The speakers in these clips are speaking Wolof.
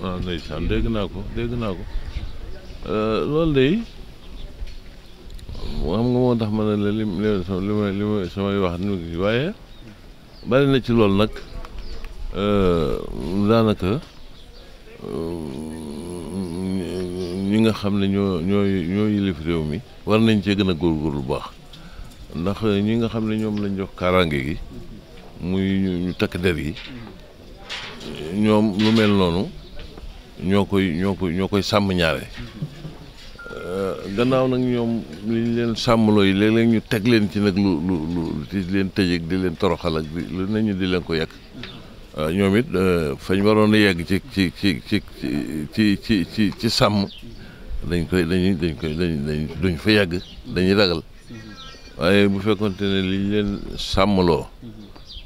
waaw dégg naa ko dégg naa ko loolu day xam nga moo tax ma ne la li li samay wax nu mu waaye bari na ci loolu nag daanaka ñi nga xam ne ñoo ñooy ñoo yilif réew mi war nañ cee gën a góorgóorlu bu baax ndax ñi nga xam ne ñoom lañ jox kaaraange gi muy ñu takk der yi ñoom lu mel noonu ñoo koy ñoo koy ñoo koy sàmm ñaare euh, gannaaw nag ñoom li ñu leen sàmmloo yi léeg-léeg ñu teg leen ci nag lu lu lu di leen tëj ak di leen toroxal ak di lu ne ñu di leen ko yàq euh, ñoom it euh, fañ waroon a yegg ci ci ci ci ci ci ci ci sàmm dañ koy dañuy dañ koy dañ duñ fa yàgg dañuy ragal waaye bu fekkonte ne li ñu leen sàmmloo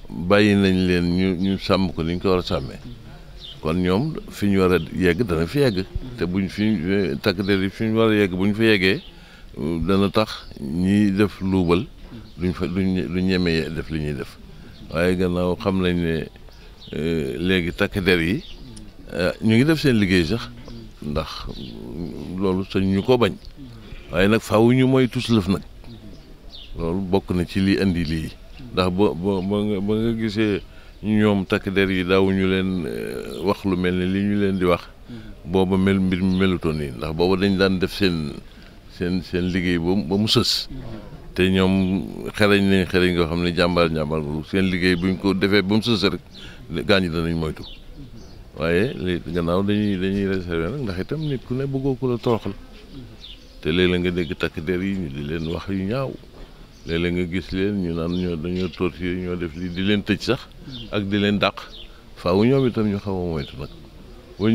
bàyyi nañ leen ñu ñu sàmm ko ni ñu ko war a sàmmee kon ñoom fi ñu war a yegg dana fi yegg te buñ fi takk der yi fi ñu war a yegg bu ñu fa yeggee dana tax ñi def luubal duñ fa duñ duñ ñemee def li ñuy def waaye gannaaw xam nañ ne euh, léegi takk yi euh, ñu ngi def seen liggéey sax ndax loolu sañ ñu ko bañ waaye nag faaw ñu mooy tus lëf nag loolu bokk na ci lii indi lii ndax ba ba ba nga gisee ñoom takk der yi daawuñu leen eh, wax lu mel ni li ñu leen di wax mm-hmm. booba mel mbir mi melutoon nii ndax booba dañ daan def seen seen seen liggéey ba ba mu sës mm-hmm. te ñoom xereñ nañ xereñ nga xam ne jàmbaar jàmbaar seen liggéey buñ ko defee ba mu sës rek gaañ danañ moytu mm-hmm. waaye léegi gannaaw dañuy dañuy réservé nag ndax itam nit ku ne bëggoo ku la toroxal te léeg la nga dégg takk der yi ñu di leen wax yu ñaaw léeg nga gis leen ñu naan ñoo dañoo torture ñoo def lii di leen tëj sax ak di leen dàq faaw ñoom itam ñu xaw a moytu nag buñ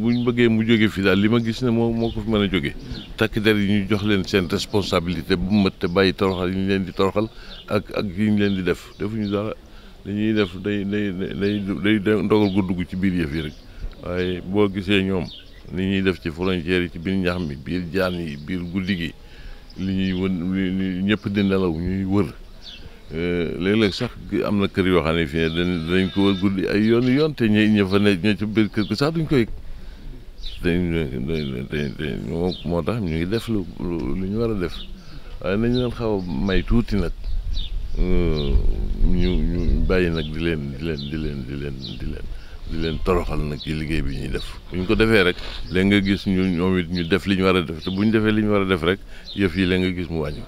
buñ bëggee mu jóge fii daal li ma gis ne moo moo ko fi mën a jóge takk der yi ñu jox leen seen responsabilité bu mat te bàyyi toroxal yi leen di toroxal ak ak yi leen di def defuñu dara dañuy def day day day day ndogal ci biir yëf yi rek waaye boo gisee ñoom ni ñuy def ci frontière yi ci biir ñax mi biir jaan yi biir guddi gi li ñuy wër ñëpp di nelaw ñuy wër euh, léeg-léeg sax am na kër yoo xam ne dañ ko wër guddi ay yoon yoon te ñi ña fa ne ña ci biir kër ko sax ko yëg moo tax ñu ngi def lu lu ñu war a def waaye nañ leen xaw a may tuuti nag euh, ñu ñu bàyyi nag di leen leen di leen di leen di leen di leen toroxal nag ci liggéey bi ñuy def bu ñu ko defee rek léegi nga gis ñu ñoom it ñu def li ñu war a def te bu ñu defee li ñu war a def rek yëf yi léegi nga gis mu wàññi